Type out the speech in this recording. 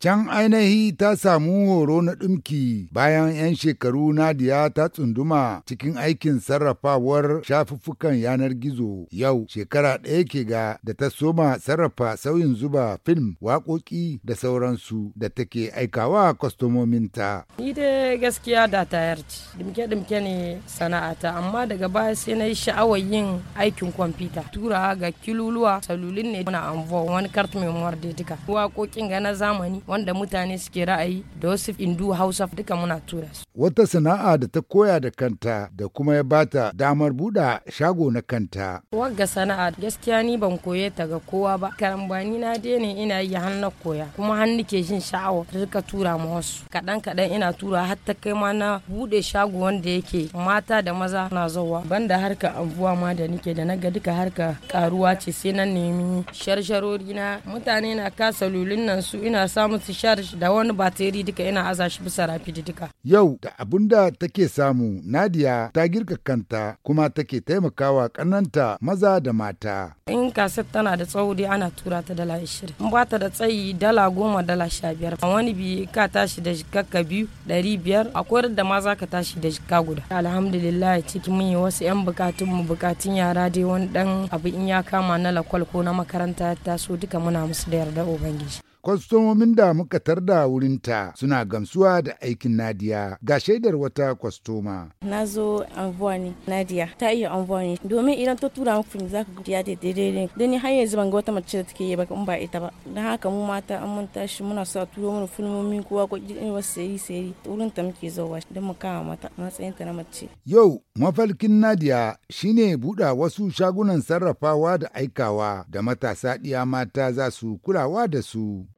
Can ainihi ta samu horo na ɗumki bayan 'yan shekaru Nadiya ta tsunduma cikin aikin sarrafawar shafuffukan yanar gizo yau shekara ɗaya ke ga da ta soma sarrafa sauyin zuba film waƙoƙi da sauransu da take aikawa kwastomominta. Ni da gaskiya da ta yarci, dimke-dimke ne sana'ata amma daga baya sai na yi sha'awar yin aikin kwamfuta. Tura ga kiluluwa salulin ne muna anvo wani kart memoir da duka. Waƙoƙin ga na zamani wanda mutane suke ra'ayi da wasu indu hausa duka muna tura su. Wata sana'a da ta koya da kanta da kuma ya bata damar buɗa shago na kanta. Wagga sana'a gaskiya ni ban koye ta ga kowa ba. Karambani na daina ina yi har koya kuma hannu ke jin sha'awa suka tura ma wasu. Kaɗan kaɗan ina tura har ta kai ma na buɗe shago wanda yake mata da maza na zowa. Banda harka abubuwa ma da nike da na ga duka harka karuwa ce sai na nemi sharsharori na mutane na kasa lulun nan su ina samu su da wani bateri duka ina aza shi bisa rafidi duka. Yau da abun da take samu Nadia ta girka kanta kuma take taimakawa kananta maza da mata. In kaset tana da tsawo dai ana tura ta dala ashirin. In ba da tsayi dala goma dala sha biyar. Wani bi ka tashi da jikakka biyu ɗari biyar akwai da ma za ka tashi da jikka guda. Alhamdulillah cikin mun yi wasu 'yan bukatun mu bukatun yara dai wani ɗan abu in ya kama na lakwal ko na makaranta ta so duka muna musu da yarda Ubangiji. kwastomomin da muka tarda wurinta suna gamsuwa da aikin Nadiya ga shaidar wata kwastoma. Na zo anguwa ne Nadiya ta iya anguwa ne domin idan ta tura muku ne za ka gudu ya daidai ne don har yanzu ban ga wata mace da take yi ba in ba ita ba don haka mu mata an mun tashi muna sa turo mana fulmomi kowa ko irin wasu sayi sayi wurin ta muke zuwa don mu kama mata matsayin ta na mace. Yau mafalkin Nadiya shine buɗa wasu shagunan sarrafawa da aikawa da matasa ɗiya mata za su kulawa da su.